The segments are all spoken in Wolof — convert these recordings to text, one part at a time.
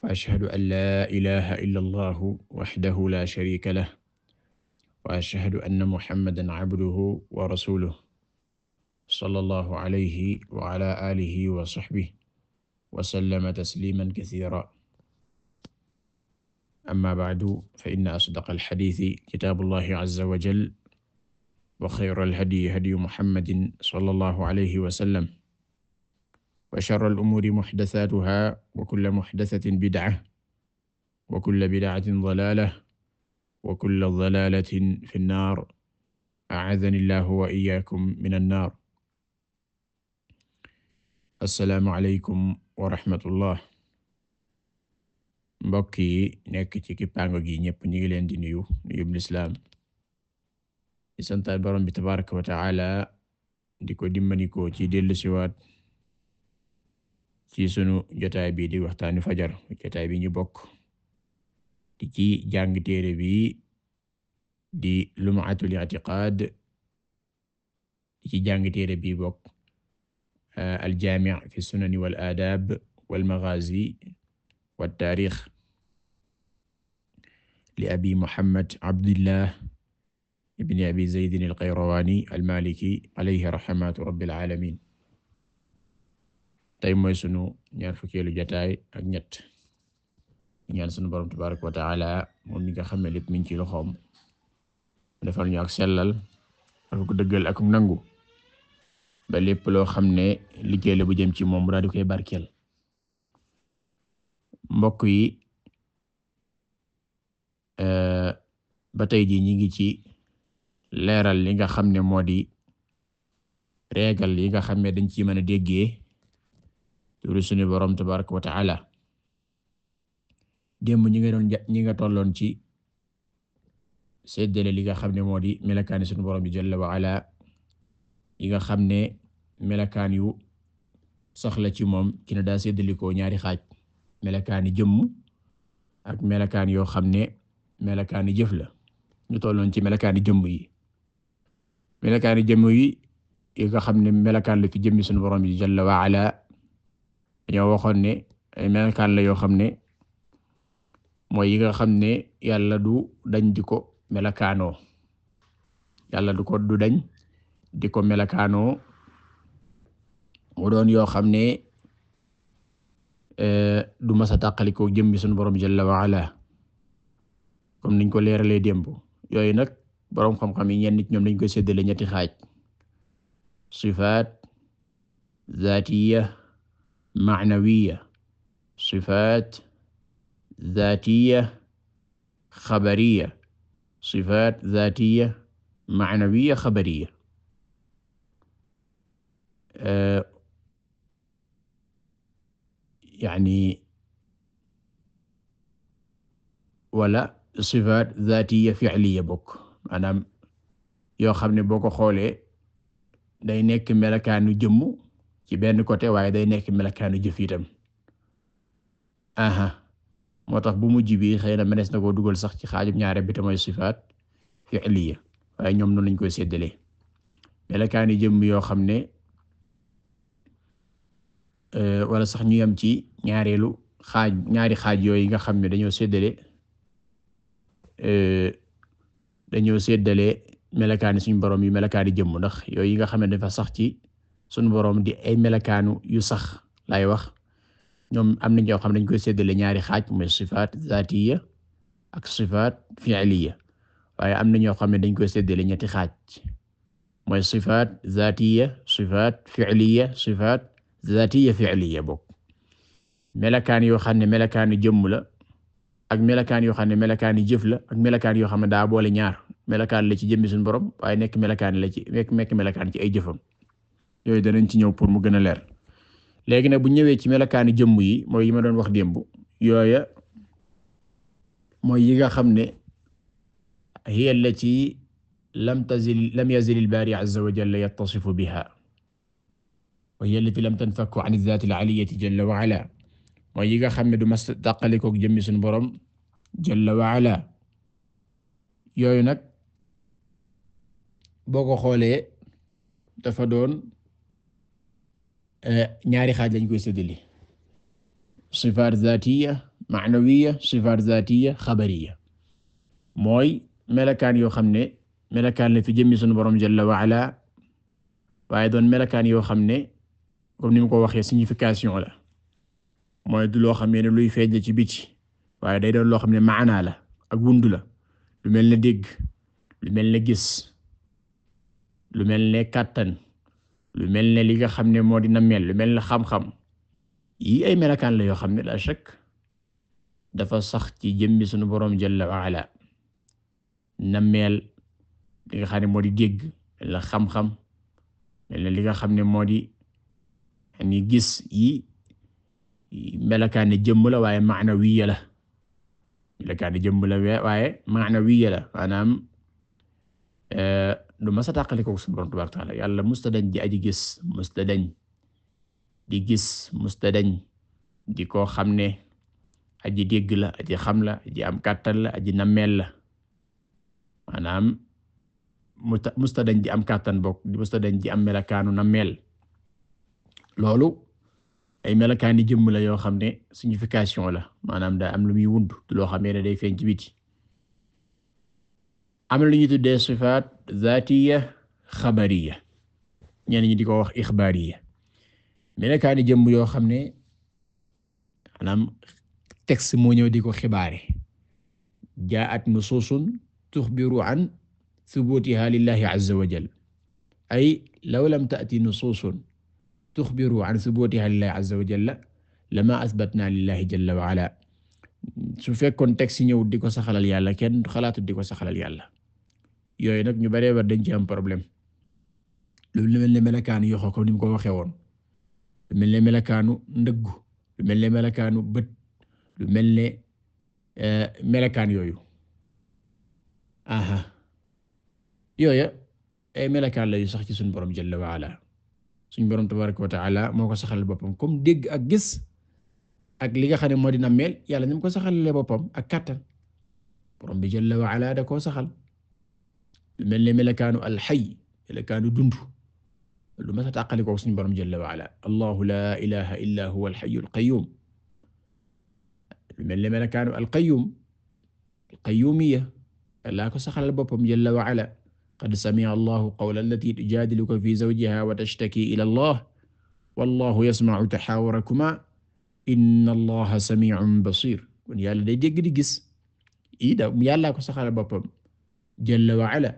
wa ashhadu an laa ilaaha illa allahu waxdahu laa shariika lahu wa ashhadu anna muhammadan cabduhu wa rasuluhu sallallahu alayhi wa ala aalihi wa sahbihi wa sallama tasliiman kasiiran amma ba'du fa inna asdaqa alxadiisi kitaabullahi azza wa jalla wa xayra alhadyi hadyu muhammadin sallallahu alayhi wa sallam wa sharral umuuri muhdasaatuhaa wa kullu muhdasatin bid'a wa kullu bid'atin dalaala wa kullu dalaalatin fi nnaar a'aazani llaahu wa iyyaakum mina nnaar. Assalaamu aleykum wa rahmatullah. Mbokk yi nekk ci kippaango gi ñépp ñu ngi leen di nuyu nuyub lislaam di sant Boroom bi tabaaraka wa ta'aala di ko dimbanikoo ci dellusiwaat ci sunu jotaay bi di waxtaanu fajar jotaay bi ñu bokk di ci jàng téere bi di lum'atul i'tiqad di ci jàng téere bi bokk eh, al-jaami' fi sunani wal aadaab wal li abi muhammad abdillah ibn abi zaydin al-qayrawaani alayhi rahmatu rabbil aalamiin tey mooy sunu ñaar fukkeelu jotaay ak ñett ñaan sunu borom tabaraka wa taala moom mi nga xam ne lépp mi ngi ci loxoom ak sellal a ko dëggal ak nangu ba lépp loo xam ne liggéey la bu jëm ci moom daal di koy barkeel mbokk yi euh, ba tey ji ñi ngi ci leeral li nga xam ne moo di reegal yi nga xam ne dañ ci mën a déggee turu suñu borom tabaraka wa taala démb ñi nga doon ñi nga tolloon ci seddale li nga xam ne moo di melakaani suñu borom bi jalla wa ala yi nga xam ne melakaan yu soxla ci moom ki ne daa seddalikoo ñaari xaaj melakaani jëmm ak melakaan yoo xam ne melakaani jëf la ñu tolloon ci melakaani jëmm yi melakaani jëmm yi yi xam ne melakaan la fi jëmmi suñu borom bi jalla dañoo waxoon ne ay melokaan la yoo xam ne mooy yi nga xam ne yàlla du dañ di ko melakaanoo yàlla du ko du dañ di ko melakaanoo mu doon yoo xam ne eh, du masa tàqalikoo jëmmi sunu borom jalla wa ala comme niñ ko leeralee démb yooyu nag boroom xam-xam yi ñenn nit ñoom dañ ko séddale ñetti xaaj sifaat zaatiya macnawiya sifaat zaatiya xabariya sifaat zaatiya macnawiya xabariya yani wala sifaat zaatiya ficliya bokk maanaam yoo xam ne boo ko xoolee day nekk melakaanu jëmm ci benn côté waaye day nekk melakaanu jëf itam aha moo tax bu mujj bi xëy na mënees na koo dugal sax ci xaajub ñaare bi te mooy sifaat fi'liya ñoom noonu lañ koy séddalee melakaani jëmm yoo xam ne euh, wala sax ñu yam ci ñaareelu xaaj ñaari xaaj yooyu nga xam ne dañoo séddale euh, dañoo séddale melakaani suñu borom yi melakaani jëmm ndax yooyu yi nga xam ne dafa sax ci sunu boroom di ay melakaanu yu sax lay wax ñoom am na ñoo xam dañ koy séddale ñaari xaaj mooy sifaat zaatiya ak sifaat fi'liya waaye am na ñoo xam ne dañ koy séddale ñetti xaaj mooy sifaat zaatiya sifaat fi'liya sifaat zaatiya fi'liya bokk melakaan yoo xam ne melakaanu jëmm la ak melakaan yoo xam ne melakaani jëf la ak melakaan yoo xam ne daa boole ñaar melakaan la ci jëmmi suñu borom waaye nekk melakaan la ci nekk melakaan ci ay jëfam yooyu danañ ci ñëw pour mu gën a leer léegi nag bu ñëwee ci melakaani jëmm yi mooy yi ma doon wax démb yooya mooy yi nga xam ne hiya allati lam tazil lam yazil al-baari azza wa jalla yattasifu biha wa hiya allati lam tanfaku an az-zaati al-aliyyati jalla wa ala mooy yi nga xam ne du mas tàqalikook jëmmi suñu borom jalla wa ala yooyu nag boo ko xoolee dafa doon Eh, ñaari xaaj lañ koy séddale sifaat zaatiya maanawiya sifaat zaatiya xabariya mooy melakaan yoo xam ne melakaan le fi jëmmi sunu borom jalla wa ala waaye doon melakaan yoo xam ne comme ni mu ko waxee signification la mooy du loo xam ne luy feej la ci biti waa day doon loo xam ne maanaa la ak wundu la lu mel ne dégg lu mel ne gis lu mel ne kàttan lu mel ne li nga xam ne moo dina mel lu mel ne xam-xam yi ay melakaan la yoo xam ne la shakk dafa sax ci jëmmi sunu boroom jalla wa na mel li xam ne moo di dégg mel na xam-xam mel na li nga xam ne moo di ni gis yi melakaan ne jëmm la waaye maana wiya la kaan ne jëmm la waaye maana wiya la maanaam Eh, du masa tàqali ko suñu borom tabaaraka taala yàlla musta dañ di aji gis musta dañ di gis musta dañ di koo xam ne aji dégg la aji xamla la aji am kàttan la aji nameel la maanaam musta dañ di am kàttan bokk musta dañ di am melakaanu nammeel loolu ay melakaani jëmm la yoo xam ne signification la maanaam daa am lu muy wund loo xam ne day feeñ ci biti am na lu ñu tuddee sifaat zaatiya xabariya ñenn ñi di ko wax ixbaariya melakaani jëmm yoo xam ne maanaam texte moo ñëw di ko xibaare jaa'at nusuusun tuxbiru an subuutiha lillahi azza wa jal ay law lam ta'ti nusuusun tuxbiru an subuutiha lillahi azza wa jalla lama asbatna lillahi jalla wa ala su fekkoon texte ñëw di ko saxalal yàlla kenn xalaatu di ko saxalal yàlla yooyu nag ñu baree war dañ ci am problème lu mel ne melakaanu yoxo ko ni ko waxee woon lu mel ne melakaanu ndëggu lu mel ne melakaanu bët lu mel ne eh, melakaan yooyu aha yooyo ay melakaan layu sax ci suñu borom jalla wa ala suñu borom tabaraka wa moo ko saxal boppam comme dégg ak gis ak li nga xam ne moo dina mel yàlla ni ko saxalee boppam ak kàttan borom bi jalla wa ala da koo saxal lu mel ne melakaanu alxay melakaanu dund lu mas a tàqalikoo suñu borom jalla wa ala allahu laa ilaha illa huwa alxayu alqayum lu mel ne melakaanu alqayum alqayumiya laa ko saxalal boppam jalla wa ala qad sami'a allahu qawla allati tujadiluka fi zawjiha wa tashtaki ila allah wallahu yasma'u taxaawurakuma inna allaha sami'un basir kon yàlla day dégg di gis ii da yàllaa ko saxalal boppam jalla wa ala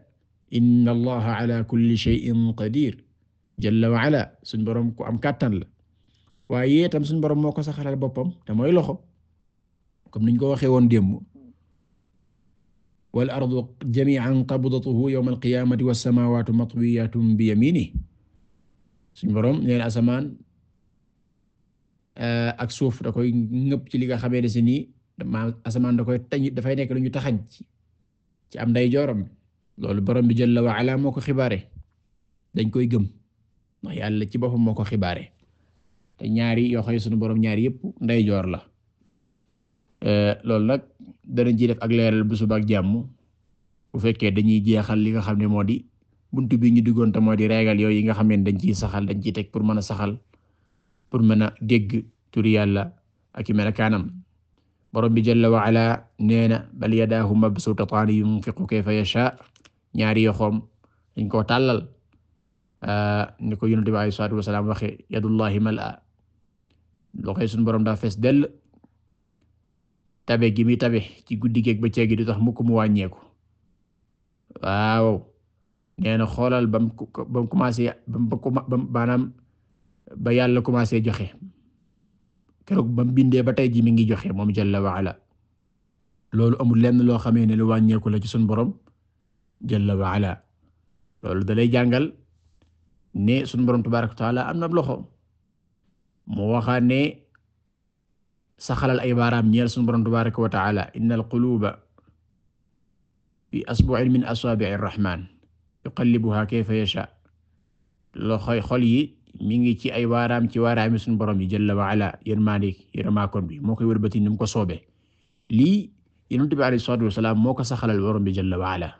inna allaha ala kulli shay'in qadir jalla wa ala suñ boroom am kàttan la waaye itam suñ boroom moo ko saxalal boppam te mooy loxo comme niñ ko waxee woon démb wal ardu jami'an qabdatuhu yawma al-qiyamati was samawati matwiyatun bi yaminihi suñ boroom neen asamaan eh, ak suuf da koy ngëpp ci li nga xamee ni si nii dama da koy tañ dafay nekk lu ñu taxañ ci am ndeyjooram loolu borom bi jalla wa ala moo ko xibaare dañ koy gëm ndax yàlla ci boppam moo ko xibaare te ñaari yoo xëy sunu borom ñaari yëpp ndeyjoor la euh, loolu nag danañ ciy ak leeral bu suba ak jàmm bu fekkee dañuy jeexal li nga xam ne moo di buntu bi ñu diggoon te moo di reegal yooyu yi nga xam ne dañ ciy saxal dañ ciy pour mën a saxal pour mën a dégg turi yàlla ak i melakaanam borom bi jalla wa ala nee na bal yadaahu mabsuutataani yunfiqu kayfa yashaa ñaari yoxoom dañ koo tàllal ah, ni ko yonent bi alayhi salaatu wasalaam waxe yadullahi mal'a loxoy suñu borom daa fees dell tabe gi mi tabe ci guddi geeg bëccëg gi du tax mukk mu wàññeeku waaw nee na xoolal bam bam commencé bam maanaam ba yàlla commencé joxe ba bam bindee ba tey ji mi ngi joxe moom jalla wa ala loolu amul lenn loo xamee ne lu wàññeeku la ci suñu borom jalla wa ala loolu da lay jàngal ne sunu borom tabaaraka wa am na loxo mu waxaa ne saxalal ay baaraam ñeel sunu borom tabaaraka wa taala innal fi asbu'in min asaabi'i rahmaan yi mi ngi ci ay waaraam ci mi sunu borom yi jalla wa ala yërmaande yërmaakoon moo koy wëlbati ni mu ko soobe lii yonent bi alayhi salaatu wasalaam moo ko saxalal borom bi jalla wa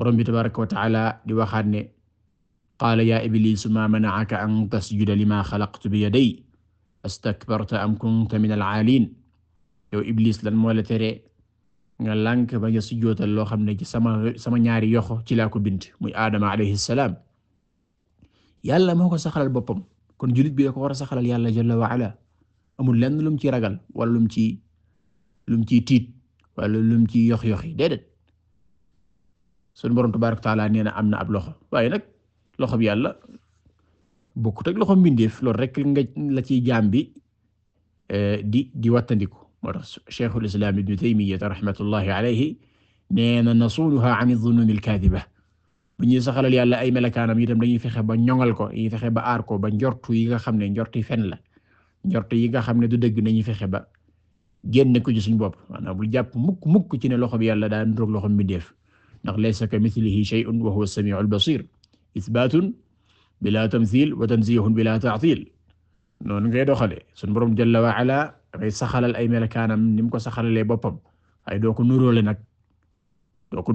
borom bi tabaraka wa di waxaat ne qaala yaa ibliisu maa mana'aka an tasjuda limaa xalaqtu bi yaday astakbarta am min al-aaliin iblis lan moo la tere nga lànk ba nga sujjootal loo xam ne ci sama sama ñaari yoxo ci laa bind muy aadama alayhi salaam moo ko saxalal boppam kon julit bi da ko war a saxalal yàlla jalla wa ala amul lenn lum ci ragal wala lum ci lum ci tiit wala lum ci yox suñu borom tabaaraka taala nee na am na ab loxo waaye nag loxo bi yàlla bokkut ak loxo mbindeef loolu rek nga la ciy jaam bi eh, di di wattandiku moo tax Cheikhul Islam Ibn Taymiyya rahmatullahi alayhi nee na nasuluha an az-zunun al-kaadiba bu ñuy saxalal yàlla ay melakaanam itam dañuy fexe ba ñoŋal ko yi fexe ba aar ko ba njortu yi nga xam ne njorti fen la njortu yi nga xam ne du dëgg nañuy fexe ba génne ko ci suñu bopp maanaam bul jàpp mukk mukk ci ne loxo bi yàlla daa ndroog loxo mbindeef ndax laysa ka mithlihi shay'un wa huwa as-sami'u al-basir ithbatun bila tamthil wa tanzihun bila ta'til noonu ngay doxale sun borom jalla wa ala saxalal ay melakaanam ni mu ko saxalalee boppam ay doo ko nuróole nag doo ko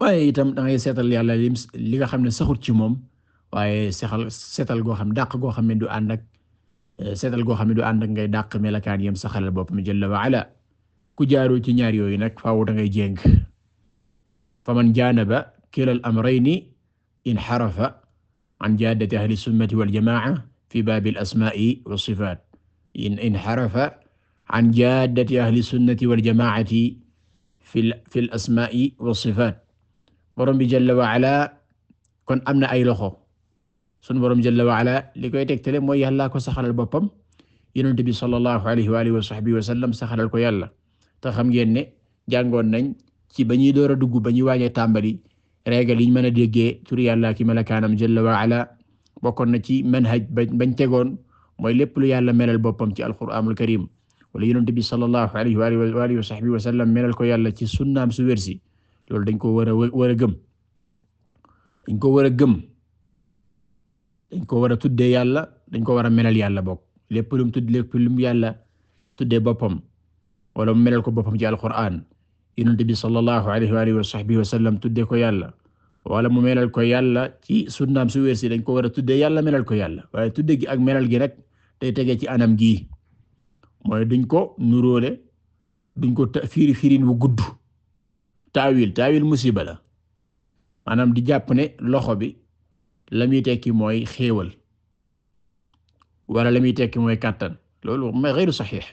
waaye itam da ngay seetal yàlla li nga xam ne saxut ci moom waaye seexal seetal goo xam dàq goo xam ne du ànd ak eh, seetal goo xam ne du ànd ak ngay dàq melakaan yam saxalal boppam jalla wa ala ku jaarul ci ñaar yooyu nag faaw da ngay jéng faman janaba kila al amrayni inxarafa an jaadati ahli sunnati wal jamaa fi baabi al asmaai wa sifaat in inxarafa an jaadati ahli sunnati wal jamaati fi fi al asmaai wa sifaat borom bi jalla wa ala kon am na ay loxo sun borom jalla wa ala li koy tegtale mooy yàlla ko saxalal boppam yonent bi sallallahu alayhi wa alihi wa sahbihi wa sallam saxalal ko yàlla te xam ngeen ne jàngoon nañ ci ba ñuy door a dugg ba ñuy waajee tàmbali régal yiñ mën a déggee tur yàlla ki melakaanam jalla wa ala bokkoon na ci manhaj bañ tegoon mooy lépp lu yàlla melal boppam ci alquranul karim wala yonent bi sallallahu alayhi wa alihi wa sahbihi wa sallam melal ko yàlla ci sunnaam su wérsi loolu dañ koo war a war a gëm dañ ko war a gëm dañ koo war a tuddee yàlla dañ ko war a melal yàlla bokk lépp yàlla tuddee boppam wala mu melal ko boppam ci alquran yonent bi sallallahu alayhi wa alihi wa sahbihi wa sallam tudde ko yàlla wala mu melal ko yàlla ci sunnaam su wér si dañ ko war a tudde yàlla melal ko yàlla waaye tudde gi ak melal gi rek tey tegee ci anam gii mooy duñ ko nuróole duñ ko fiiri firin wu gudd taawil taawil musiba anam di jàpp ne loxo bi la muy tekki mooy xéewal wala la muy tekki mooy kàttan loolu mooy saxiix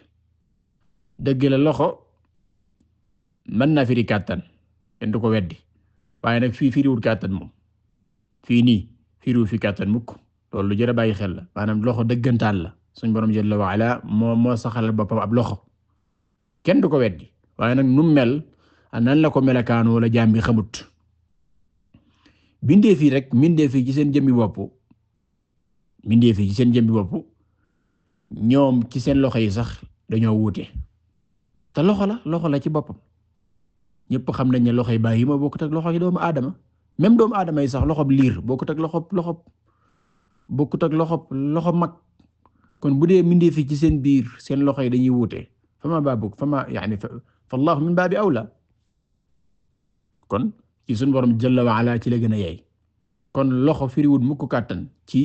dëgg la loxo mën na firi kàttan kenn du ko weddi waaye nag fii firiwul kàttan moom fii nii firiwul fi kàttan mukk loolu lu jar bàyyi xel la maanaam loxo dëggantaan la suñ borom jalla wa moom moo saxalal boppam ab loxo kenn du ko weddi waaye nag nu mel nan la ko melakaan wala jaam bi xamut bindee fii rek bindee fii ci seen jëmmi bopp bindee fii ci seen jëmmi ñoom ci seen loxo yi sax dañoo wuute te loxo la loxo la ci boppam ñëpp xam nañ ne loxoy bàyyi yi ma bokkut ak loxo yi doomu aadama même doomu aadama yi sax loxob liir bokkut ak loxob loxob bokkut ak loxo mag kon bu dee mindee fi ci seen biir seen loxo yi dañuy wuute fama baabuk fama yaani fa allahu min baabi awla kon ci suñu borom jalla wa ala ci la gën a yey kon loxo firiwut mukk kàttan ci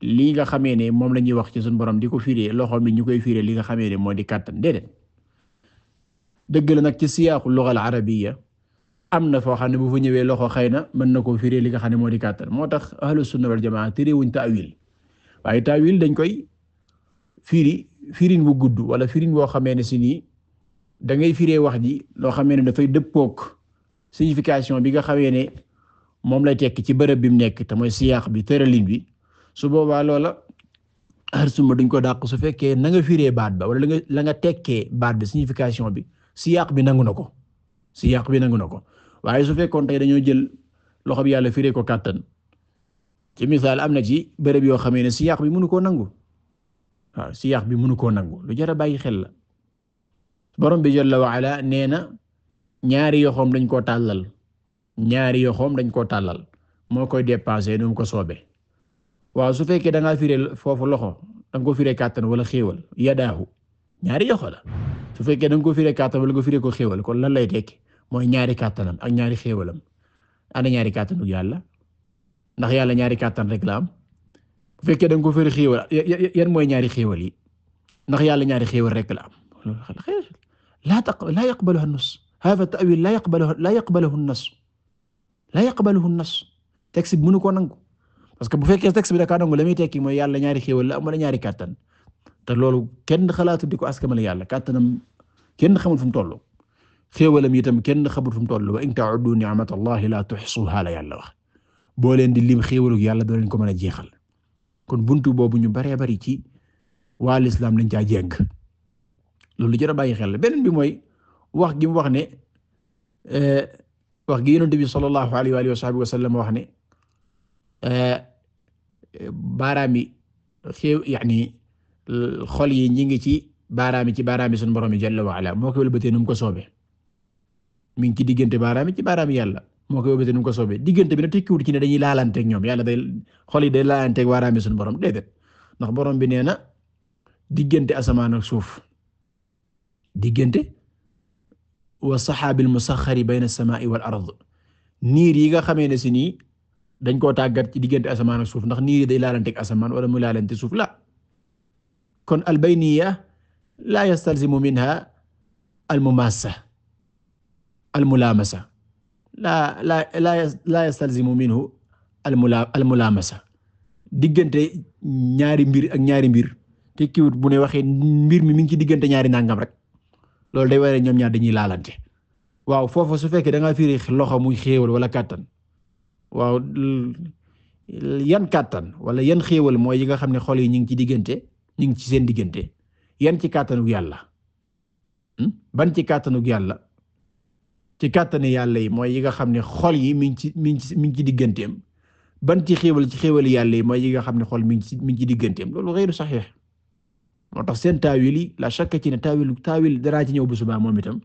li nga xamee ne moom la ñuy wax ci suñu borom di ko firee loxo mi ñu koy firee li nga xamee ne moo di kàttan de dëgg la nag ci siyaaxu luga al arabiyya am na foo xam ne bu fa ñëwee loxo xëy na mën na koo firee li nga xam ne moo di kàttan moo tax ahlu sunna wal jamaa téréewuñ taawil waaye taawil dañ koy firi firin bu gudd wala firin boo xamee ne si nii da ngay firee wax ji loo xamee ne dafay dëppook signification bi nga xamee ne moom lay tekki ci bërëb bi mu nekk te mooy siyaax bi tëralin bi su boobaa loola ahlu sunna dañ ko dàq su fekkee na nga firee baat ba wala nga la nga tekkee baat bi signification bi siyaaq bi nangu na ko siyaaq bi nangu na ko waaye su fekkoon tey dañoo jël loxo bi yàlla firee ko kàttan ci misaal am na ci béréb yoo xamee ne siyaaq bi mënu koo nangu waaw siyaaq bi mënu koo nangu lu jar a bàyyi xel la borom bi jalla wa ala nee na ñaari yoxoom dañ koo tàllal ñaari yoxoom dañ koo tàllal moo koy dépasser nu ko soobee waaw su fekkee da ngaa firee foofu loxo da nga ko firee kàttan wala xéewal yadaahu ñaari joxo la su fekkee da nga ko firee kàttan wala nga firee ko xéewal kon lan lay tekki mooy ñaari kàttanam ak ñaari xéewalam ana ñaari kàttanu yàlla ndax yàlla ñaari kàttan rek la am bu fekkee da ko firee yan mooy ñaari xéewal yi ndax yàlla ñaari xéewal rek la am laa taq laa yaqbaluhu an-nass hadha ta'wil laa yaqbaluhu laa yaqbaluhu an-nass laa yaqbaluhu an-nass texte bi mënu ko nangu parce que bu fekkee texte bi da ka nangu la muy tekki mooy yàlla ñaari xéewal la am wala ñaari kàttan te loolu kenn xalaatu di ko askamale yàlla kàttanam kenn xamul fu mu toll xéewalam itam kenn xamul fu mu toll wa in ta'uddu ni'matallahi la tuhsuha la yàlla wax boo leen di lim xéewalu yàlla doo leen ko mën a jeexal kon buntu boobu ñu baree bari ci waa lislaam lañ caa jéng loolu jar a bàyyi xel la beneen bi mooy wax gi mu wax ne eh, wax gi yonent bi sallallahu alayhi wa sahbihi wax ne eh, baaraam yi xéew yaani xol yi ñi ngi ci baaraami ci baaraami sunu borom yi jalla wa ala moo ko wëlbatee nu mu ko soobee mi ngi ci diggante baaraami ci baaraami yàlla moo ko wëlbatee nu mu ko soobee diggante bi nag tekkiwut ci ne dañuy laalanteeg yàlla day xol yi day laalanteeg baaraami sunu borom déedéet ndax borom bi nee na diggante asamaan ak suuf diggante wa saxaabil musaxari bayna samaa'i wal ard niir yi nga xamee ne si nii dañ koo tàggat ci diggante asamaan ak suuf ndax niir yi day laalanteeg asamaan wala mu laalante suuf la kon albayniya laa yastalzimu minha almumassa almulamasa laa laa laa yastalzimu minhu almulamasa diggante ñaari mbir ak ñaari mbir te kiwut bu ne waxee mbir mi mi ngi ci diggante ñaari nangam rek loolu day waree ñoom ñaar dañuy laalante waaw foofu su fekkee da ngaa loxo muy xéewal wala kàttan waaw yan kàttan wala yan xéewal mooy yi nga xam ne xol yi ñu ngi ci diggante ñu ci seen diggante yan ci kàttanug yàlla hmm? ban ci kàttanug yàlla ci kàttanu yàlla yi mooy yi nga xam ne xol yi mi ngi ci mi ngi mi ngi ci digganteem ban ci xéewal ci xéewal yàlla yi mooy yi nga xam ne xol mi ngi ci mi ngi ci digganteem loolu xëyru saxiix moo tax seen taawil yi la chaque ci ne taawil taawil danaa ci ñëw bu subaa moom itam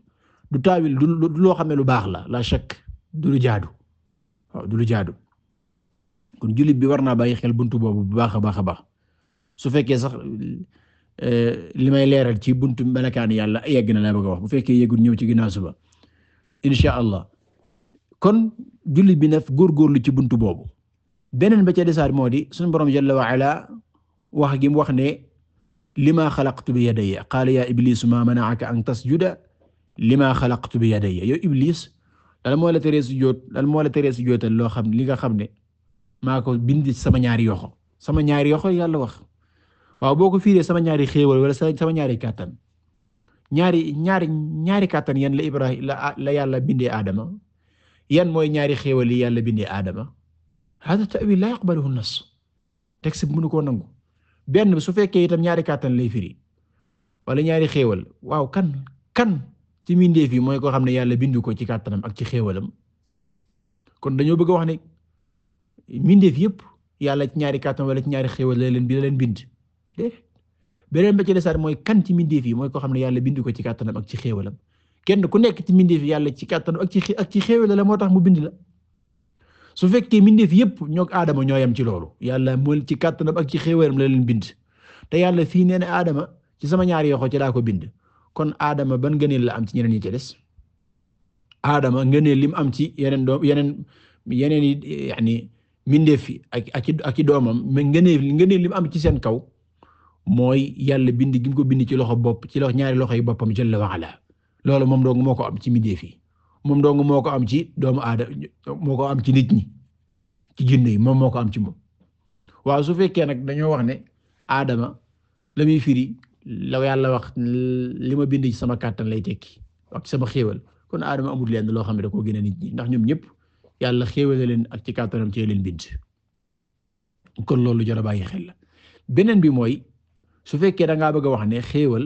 du taawil du loo xam ne lu baax la la chaque du lu jaadu du lu jaadu kon jullit bi war naa bàyyi xel buntu boobu bu baax a su fekkee sax euh, li may leeral ci buntu melokaan yàlla yegg na laa bëgg a wax bu fekkee yeggul ñëw ci ginnaaw suba insha allah kon jullit bi na góorgóorlu ci buntu boobu beneen ba ca desaat moo di suñu borom jalla wa ala wax gi mu wax ne lima xalaqtu bi yadayya qaala ya iblisu ma mana'aka an tasjuda lima xalaqtu bi yadayya yow iblis dal moo la teree sujjóot dal moo la teree sujjóotal loo xam li nga xam ne maa ko bindi sama ñaari yoxo sama ñaari yoxo yàlla wax waaw boo ko fiiree sama ñaari xéewal wala sama ñaari kàttan ñaari ñaari ñaari kàttan yan la Ibrahima la la yàlla bindee Adama yan mooy ñaari xéewal yi yàlla bindee Adama hada ta'wil la yaqbaluhu nas texte bi mënu koo nangu benn su fekkee itam ñaari kàttan lay firi wala ñaari xéewal waaw kan mindeef yi mooy koo xam ne yàlla bindu ko ci kàttanam ak ci xéewalam kon dañoo bëgg a wax ne mindeef yëpp yàlla ci ñaari wala ci ñaari xéewal leen bi leen bind def beneen ba ci desaat mooy kan ci mindeef mooy koo xam ne yàlla bind ko ci kàttanam ak ci xéewalam kenn ku nekk ci mindeef yi yàlla ci kàttanam ak ci ak ci xéewal la moo tax mu bind la su fekkee mindeef yépp ñoog aadama ñoo yam ci loolu yàlla mooy ci kàttanam ak ci xéewalam la leen bind te yàlla fii nee na aadama ci sama ñaari yoxo ci laa bind kon aadama ban ngëneel la am ci ñeneen ñi ci des aadama ngëneel lim am ci yeneen doom yeneen yeneen yi yaani mindeef yi ak ak i doomam mais ngëneel ngëneel lim am ci seen kaw mooy yàlla bind gi ko bind ci loxo bopp ci loxo ñaari loxo yi boppam jalla wa ala loolo moom dong moo ko am ci mideef yi moom dong moo ko am ci doomu aadama moo ko am ci nit ñi ci jinne yi moom moo ko am ci moom waaw su fekkee nag dañoo wax ne aadama la muy firi la yàlla wax li ma bind ci sama kàttan lay tekki ak sama xéewal kon aadama amul leen loo xam ne da koo gën a nit ñi ndax ñoom ñëpp yàlla xéewale leen ak ci kàttanam ci leen bind kon loolu jar a bàyyi xel la beneen bi mooy su fekkee da ngaa bëgg a wax ne xéewal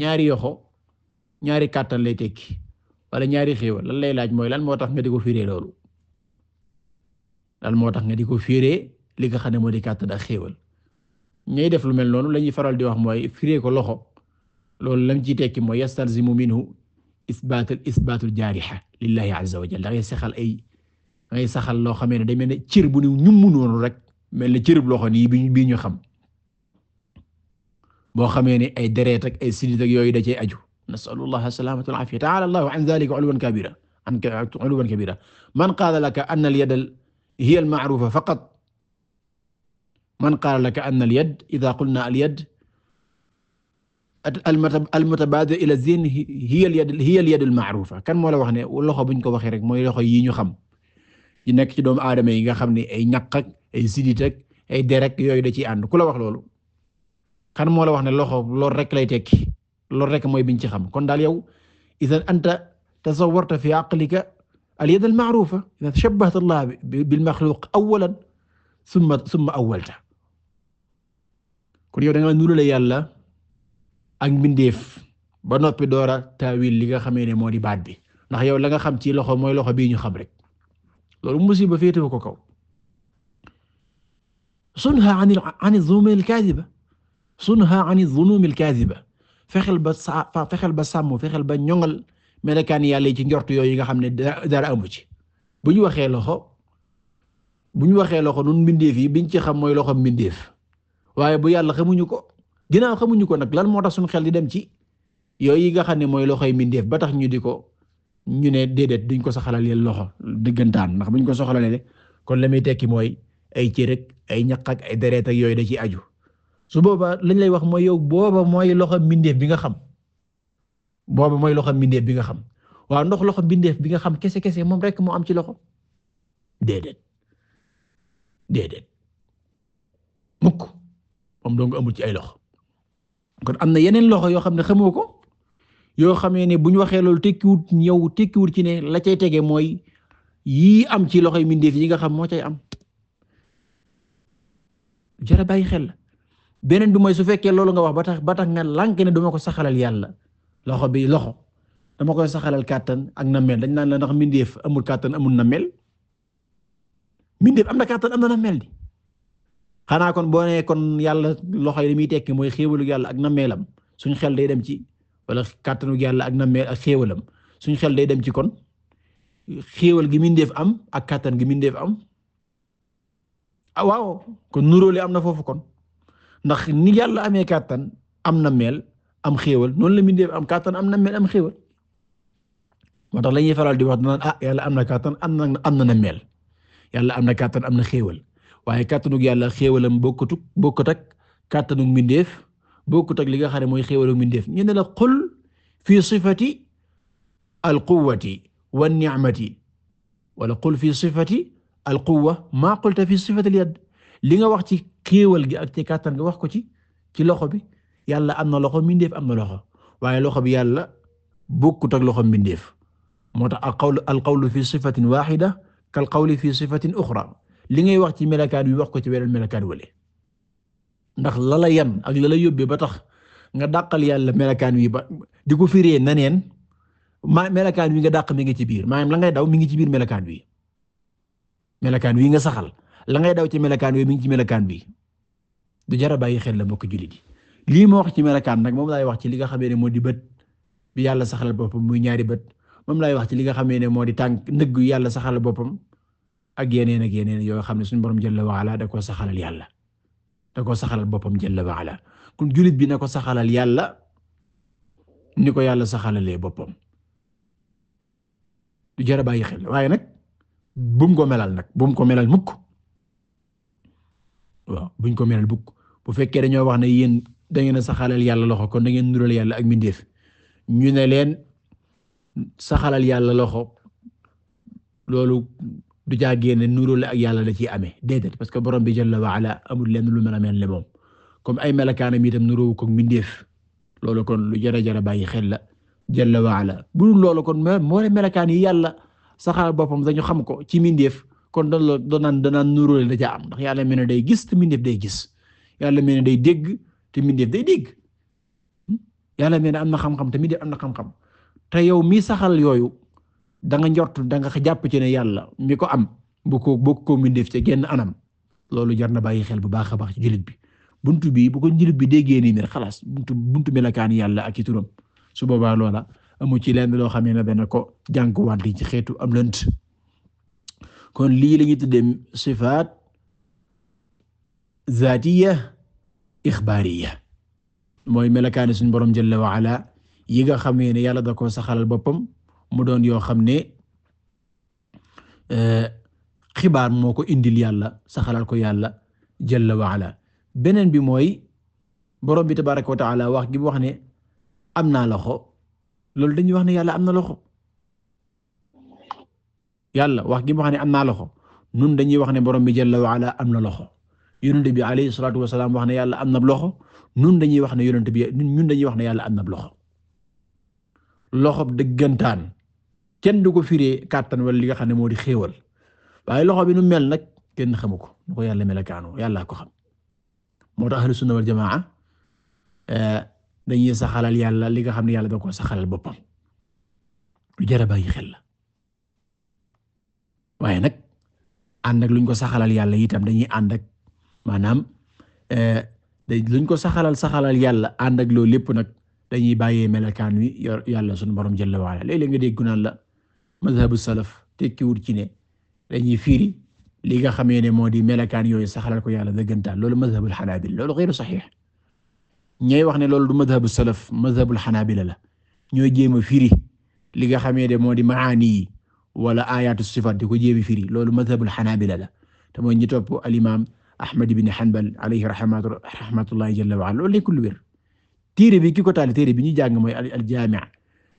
ñaari yoxo ñaari kàttan lay tekki wala ñaari xéewal lan lay laaj mooy lan moo tax nga di ko loolu lan moo tax nga di ko firee li nga xam ne moo di kàttan ak xéewal ñay def lu mel noonu la ñuy faral di wax mooy firee ko loxo loolu lam ciy tekki mooy yastalzimu minhu isbaatul isbaatul jaariha lillahi azza wa jalla da ngay ay da saxal loo xamee ne day mel ne cër bu ni ñu mënoonu rek mel loxo nii bi ñu xam boo xamee ne ay deret ak ay sidit ak yooyu da cee aju nasalullah salamata wal afiya ta'ala allahu an dhalika uluwan kabira an uluwan kabira man qala laka anna al yad hiya al ma'rufa faqat man qala laka anna al yad idha qulna al yad al mutabadil ila zin hiya al yad hiya al yad al ma'rufa kan moo la wax ne loxo buñ ko waxee rek mooy loxo yi ñu xam yi nekk ci doomu aadama yi nga xam ne ay ñaq ak ay sidit ak ay deret yooyu da ciy ànd ku la wax loolu xan moo la wax ne loxo loolu rek lay tekki loolu rek mooy biñ ci xam kon daal yow idan anta tasawarta fi aqlika al yad al ma'rufa idan shabbahta allah bil makhluq awalan summa summa awwalta kon yow da nga nurale yàlla ak mbindeef ba noppi door a taawil li nga xamee ne moo di baat bi ndax yow la nga xam ci loxo mooy loxo bii ñu xam rek loolu musiba féetewu ko kaw sunha an an zumil kadiba sunha ani dhunumil kadhiba fexeel ba fexeel ba sàmm fexeel ba ñoŋal melekaan yàlla ci njort yooyu nga xam ne dara amu ci bu ñu waxee loxo bu ñu waxee loxo nun mbindeef yi biñ ci xam mooy loxo mbindeef waaye bu yàlla xamuñu ko ginnaaw xamuñu ko nag lan moo tax suñ xel di dem ci yooyu nga xam ne mooy loxoy mbindeef ba tax ñu di ko ñu ne déedéet duñ ko soxalaleel loxo diggantaan ndax buñ ko soxalalee kon la muy tekki mooy ay cër ak ay ñaq ay deret ak yooyu da ciy aju su boobaa lañ lay wax mooy yow booba mooy loxo mbindeef bi nga xam booba mooy loxo mbindeef bi nga xam waaw ndox loxo mbindeef bi nga xam kese kese moom rek moo am ci loxo déedéet déedéet mukk ci ay loxo kon na yeneen loxo yoo xam ne xamoo ko yoo xamee ne bu waxee loolu tekkiwut ñëw tekkiwut ci ne la cay tege mooy yii am ci loxoy mbindeef yi nga xam moo cay am jara bàyyi xel. beneen bi mooy su fekkee loolu nga wax ba tax ba tax nga lànk ne dama ko saxalal yàlla loxo bi loxo dama koy saxalal kàttan ak na mel dañ naan la ndax mindeef amul kàttan amul na mel mindeef am na kàttan am na na mel di xanaa kon boo nee kon yàlla loxo yi li muy tekki mooy xéewalu yàlla ak nammeelam suñ xel day dem ci wala kàttanu yàlla ak nammeel ak xéewalam suñ xel day dem ci kon xéewal gi mindeef am ak kàttan gi mindeef am ah waaw kon nuróole am na foofu kon ndax ni yàlla amee kàttan am na mel am xéewal noonu la mbindeef am kàttan am na mel am xéewal moo tax la faral di wax naan ah, am na kàttan am na am na na mel yàlla am na kàttan am na xéewal waaye kàttanug yàlla xéewalam bokkutug bokkut ak kàttanug mbindeef bokkut ak li nga xam ne mooy xéewalu mbindeef ñu ne la qul fi sifati alquwati wan ni'mati wala qul fi sifati alquwa maa qulta fi sifati alyad li nga wax ci kéewal gi ak ci kàttan gi wax ko ci ci loxo bi yàlla am na loxo mbindeef am na loxo waaye loxo bi yàlla bokkut ak loxo mbindeef moo tax al qawlu al qawlu fi sifatin waxida kal qawli fi sifatin uxra li ngay wax ci melakaan wi wax ko ci weneen melakaan wale ndax la yan ak la la yóbbee ba tax nga dàqal yàlla melakaan wi ba di ko na naneen ma melakaan wi nga daq mi ngi ci biir maanaam la ngay daw mi ngi ci biir melakaan wi melakaan wi nga saxal la ngay daw ci melakaan wi mi ngi ci melakaan bi du jara bàyyi xel la mbokk jullit yi lii moo wax ci melokaan nag moom laay wax ci li xamee ne moo di bët bi yàlla saxal boppam muy ñaari bët moom laay wax ci li nga xamee ne moo di tànk ndëgg yàlla saxal boppam ak yeneen ak yeneen yoo xam ne suñu borom jalla waala da koo saxalal yàlla da koo saxalal boppam jalla waala kon jullit bi na ko saxalal yàlla ni ko yàlla saxalalee boppam du jara bàyyi xel waaye nag bum ko melal nag bum ko melal mukk waaw buñ ko melal mukk bu fekkee dañoo wax na yéen da ngeen a yàlla loxo kon da ngeen nural yàlla ak mindeef ñu ne leen saxalal yàlla loxo loolu du jaagee ne nural ak yàlla da ciy amee déedéet parce que borom bi jalla wa ala amul lenn lu mel a comme ay melakaanam itam nuroo ko mindeef loolu kon lu jara jara bàyyi xel la jalla wa ala bu dul loolu kon moo melakaan yi yàlla saxalal boppam dañu xam ko ci mindeef kon da la doon naan danaan nuróole da ca am ndax yàlla mel ne day gis te mindeef day gis. yàlla mel ne day dégg te mbindeef day dégg yàlla mel ne am na xam-xam te mbindeef am na xam-xam te yow mi saxal yooyu danga nga njort da jàpp ci ne yàlla mi ko am bu ko bokk ko mbindeef ci genn anam loolu jar na bàyyi xel bu baax a baax ci jullit bi bunt bi bu ko jullit bi déggee nii mel xalaas buntu buntu melakaan yàlla ak ci turam su boobaa loola amu ci lenn loo xam ne dana ko jànkuwante ci xeetu am lënt kon lii la ñuy sifaat zaatiya ixbaariya mooy melakaani suñu borom jalla wa ala yi nga xamee ne yàlla da koo saxalal boppam mu doon yoo xam ne euh, xibaar moo ko indil yàlla saxalal ko yàlla jalla wa ala beneen bi mooy borom bi tabaaraka wa taala wax gi wax ne am naa loxo loolu dañuy wax ne yàlla am na loxo yàlla wax gi wax ne am naa loxo nun dañuy wax ne borom bi jalla wa ala am na loxo. yonent bi alayhi salaatu wax ne yàlla am na loxo ñun dañuy wax ne yonent bi ñun dañuy wax ne yàlla am na loxo loxo dëggantaan kenn du ko firee kàttan wal li nga xam ne moo di xéewal waaye loxo bi nu mel nag kenn xamu ko nu ko yàlla melakaanoo yàllaa ko xam moo tax ahlu sunna wal jamaa eh, dañuy saxalal yàlla li nga xam ne yàlla da ko saxalal boppam lu jar a bàyyi xel la waaye nag ànd ak luñ ko saxalal yàlla itam dañuy ànd ak maanaam eh, luñ ko saxalal saxalal yàlla ànd ak loolu lépp nag dañuy bàyyee melakaan wi yor yàlla sunu borom jalla waala léeg-léeg nga dégg naan la mazhabu salaf tekkiwul ci ne dañuy fiiri li nga xamee ne moo di melakaan yooyu saxalal ko yàlla dëggantaan loolu mazhabul xanaabila loolu xeyru saxiix ñooy wax ne loolu du mazhabu salaf mazhabul xanaabila la ñoo jéem a firi li nga xamee ne moo di maani yi wala ayaatu sifaat di ko jéem a firi loolu mazhabul xanaabila la te Ahmad ibn Hanbal alayhi rahmatu rahmatullahi jalla wa ala loolu lékkul lu wér téere bi ki ko taali téere bi ñuy jàng mooy al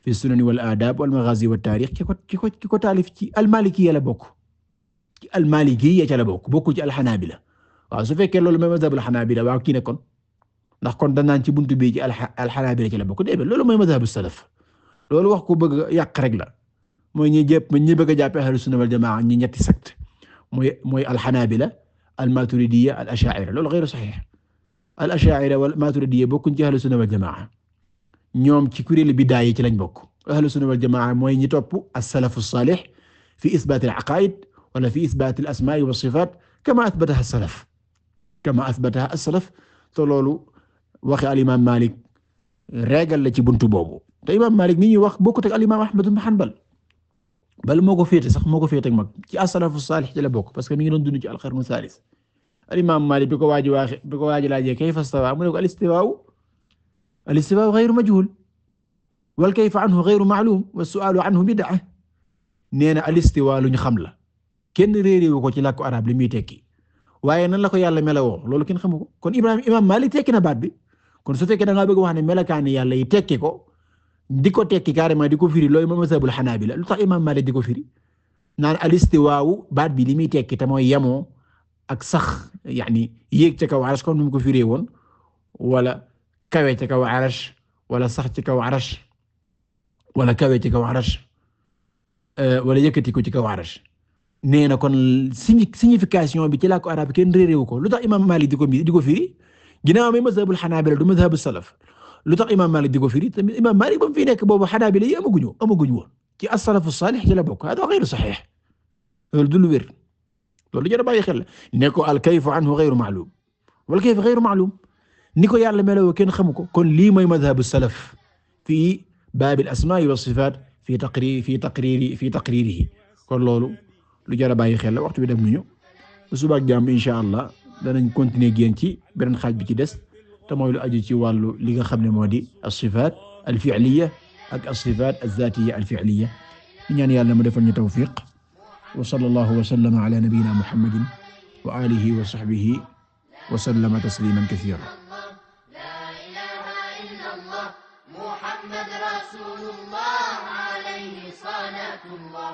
fi sunani wal aadab wal maghazi wat taarix ki ko ki ko ki ko taalif ci al-Maalikiyya la bokk ci al-Maalikiyya ca la bokk bokku ci al-Hanaabila waaw su fekkee loolu mooy mazhabul Hanaabila waaw kii kon ndax kon danaan ci buntu bii ci al-Hanaabila ca la bokk déedéet loolu mooy mazhabus salaf loolu wax ko bëgg yàq rek la mooy ñi jëpp ñi bëgg a jàpp ahlus sunna wal jamaa ñi ñetti sect mooy mooy al-Hanaabila al-Maturidiyya al-Ash'ariyya loolu ghayr sahih al-Ash'ariyya wal Maturidiyya bokkuñ ci ahlu sunna wal jamaa ñoom ci kuréelu biddaa yi ci lañ bokk ahlu sunna wal jamaa mooy ñi topp as-salafu as-salih fi isbaat al-aqaa'id wala fi isbaat al-asmaa' wa as-sifaat kamaa athbataha as-salaf kamaa athbataha as-salaf te loolu waxi al-imaam Maalik régal la ci buntu boobu te imaam Maalik ni ñuy wax bokkut ak al-imaam Ahmad ibn Hanbal bal moo ko féete sax moo ko féete ak mag ci as-salafu saalih ci al-qarnu al-imaam Maalik bi ko waaji waaxe ko waaji laajee kayfa istawa mu ne ko al-istiwaa al-istiwaa ghayru majhuul wal kayfu anhu ghayru ma'luum was-su'aalu anhu bid'a nee na al-istiwaa lu ñu xam la kenn réeréwu ko ci làkku arab li muy tekki waaye nan la ko yàlla melawoo loolu kenn xamu kon Ibrahima imaam Maalik tekki na baat bi kon su fekkee da ngaa bëgg wax ne melakaani yàlla yi tekki ko di ko tekki carrément di ko firi loolu mooy mazhabul xanaabila lu tax imaam Maalik di ko firi naan alistiwaawu baat bi li muy tekki te mooy yemoo ak sax yaani yéeg ci kaw arash kon nu mu ko firee woon wala kawe ca wala sax ci kaw arash wala kawe ci kaw arash euh, wala ko ci kaw arash nee na kon signification bi ci làkku arab kenn réeréwu ko lu tax imaam Maalik di ko di ko firi ginnaaw mooy mazhabul du mazhabu salaf lu tax imaam Maalik di ko firi tamit imaam Maalik ba mu fi nekk boobu Hanaabila yi amaguñu amaguñu woon ci as-salafu saalih ci la bokk hada ghayru sahih loolu du lu wér loolu jar a bàyyi xel ne ko al-kayfu anhu ghayru ma'lum wal kayfu ghayru ma'lum ni ko yàlla meloo kenn xamu ko kon lii mooy madhabu salaf fii baabil asmaa'i wa sifaat fii taqrir fii taqrir fii taqririhi kon loolu lu jar a bàyyi xel la waxtu bi dem nañu suba ak jàmm incha allah danañ continuer génn ci beneen xaaj bi ci des. te mooy lu aju ci wàllu li nga xam ne moo di as-sifaat al-fi'liya ak as-sifaat az-zaatiyya al-fi'liya ñu ñaan yàlla mu defal ñu tawfiq wa sallallahu wa sallama ala nabiyyina muhammadin wa alihi wa sahbihi wa sallama tasliman kathiran محمد رسول الله عليه صلاة الله